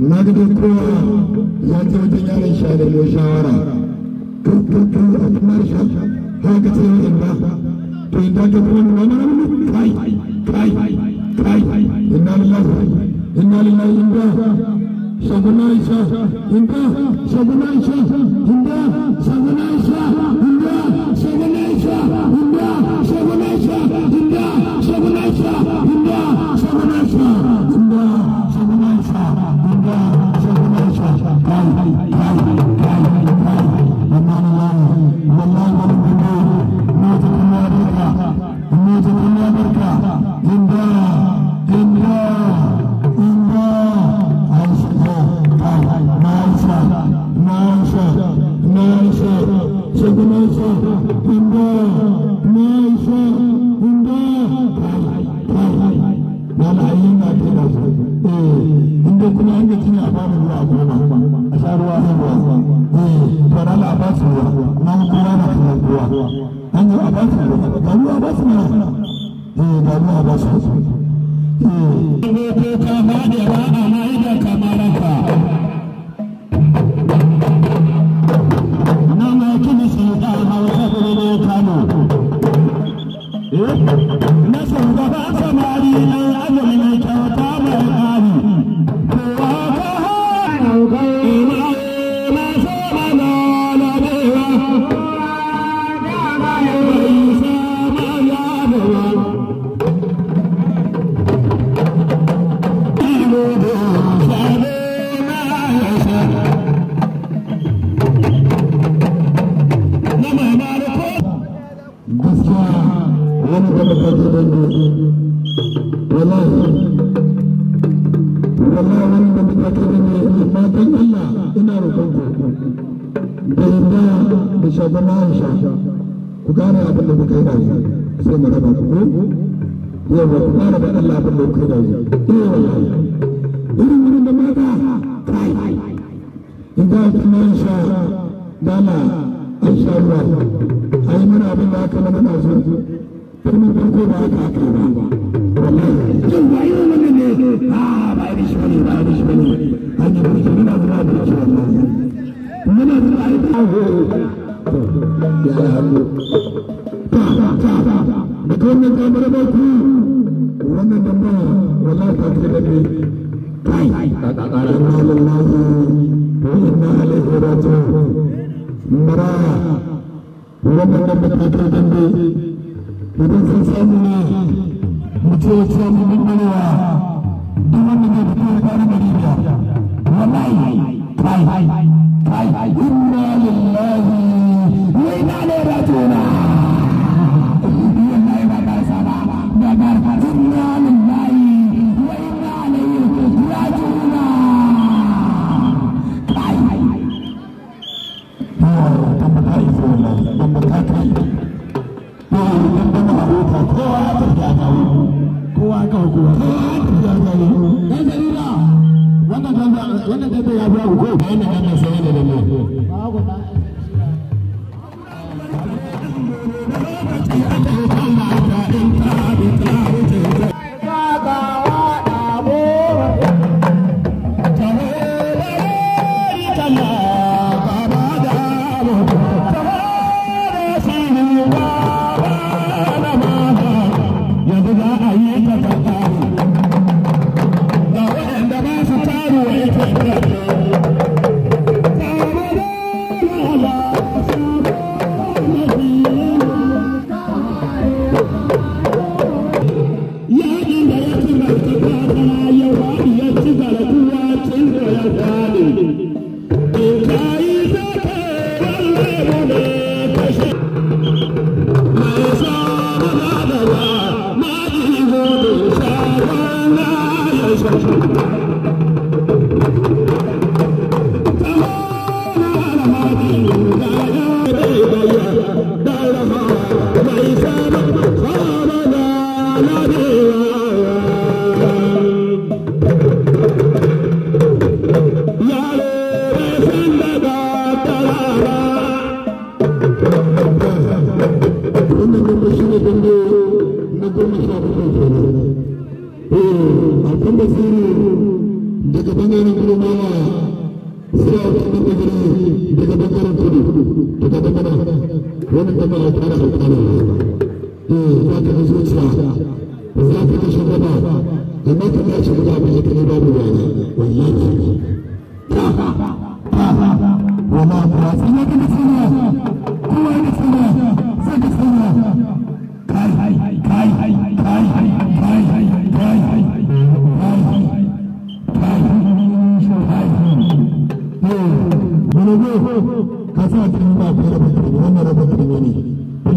ندرو پرو يا تي و تي نارن شا دل مو شاورا تو ات مرش هاك تي و رنا تو اندا جو منو منو فاي فاي فاي suna ta da su eh inda kuma an ga fara ruwa goma a sha ruwa a ruwa eh to ran ba su ruwa nan kuma na ta ruwa an ga a ba su ruwa ga ruwa ba su mana eh ga ruwa ba su eh ko ta ba da ba a mai da kamaraka Yeah. aisha zama aisha ku gane abin da kuka yi da sai mu raba ku yawa ku gane da Allah abin da kuka yi da eh irin wurin da mata kai in da kuma aisha dana aisha ruwa ai mana abin da aka mana so kuma farko ba aka aka ba jin ba irin wannan ne a ah, ba irin shi bane ba irin shi bane an yi ba shi na zuwa da shi wallahi muna zuwa ai ya hannu da ba, damar bautu wannan damar wala ta ce da ne kai ta kakara na lallahi inna alaihi ratu mara wannan damar ta ce da ne idan sun samu ne mutum ya ce mu mun marewa duk wanda zai fito ya ƙara gari biya wallahi kai kai inna lillahi wannan ya fi ko ba wannan ya fi so ne da ne Onun memleketine döndü, mezarına şahit oldu. Bu altın basını, dekabanların kurumana, siyasetine dönüyor, dekabanların kurumana, dekabanlara, onun temel altına altına. Bu zaten hızlıca, zaten teşebbüde, ama temel şekilde bir yetini var bu yana. Vallahi. Ha ha ha ha ha. Vallahi. Vallahi. Vallahi. Vallahi. Vallahi.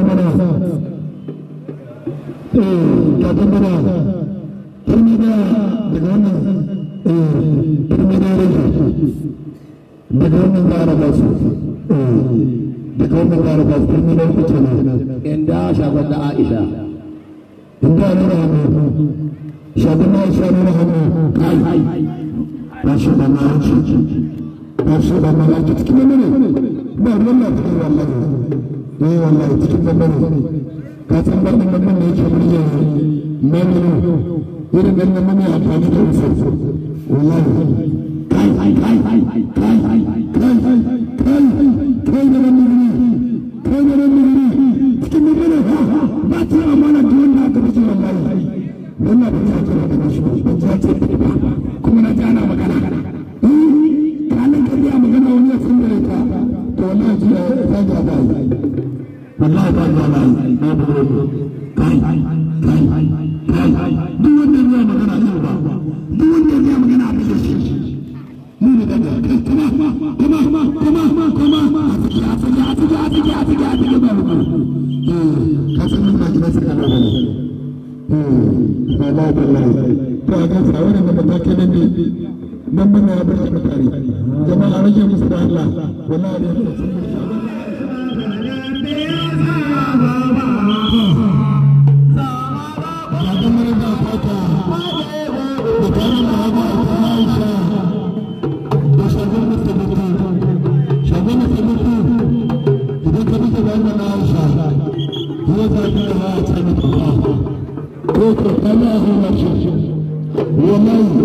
tambara eh eh wallahi cikin bambare ka san barnan bambare da yake burge mamino irin nan nan mai amfani da wasu wallahi kai kai kai kai kai kai kai kai kai kai asige asige asige babu ka san mun baki basu kana ba a gasa wannan da matakai ne ne ومن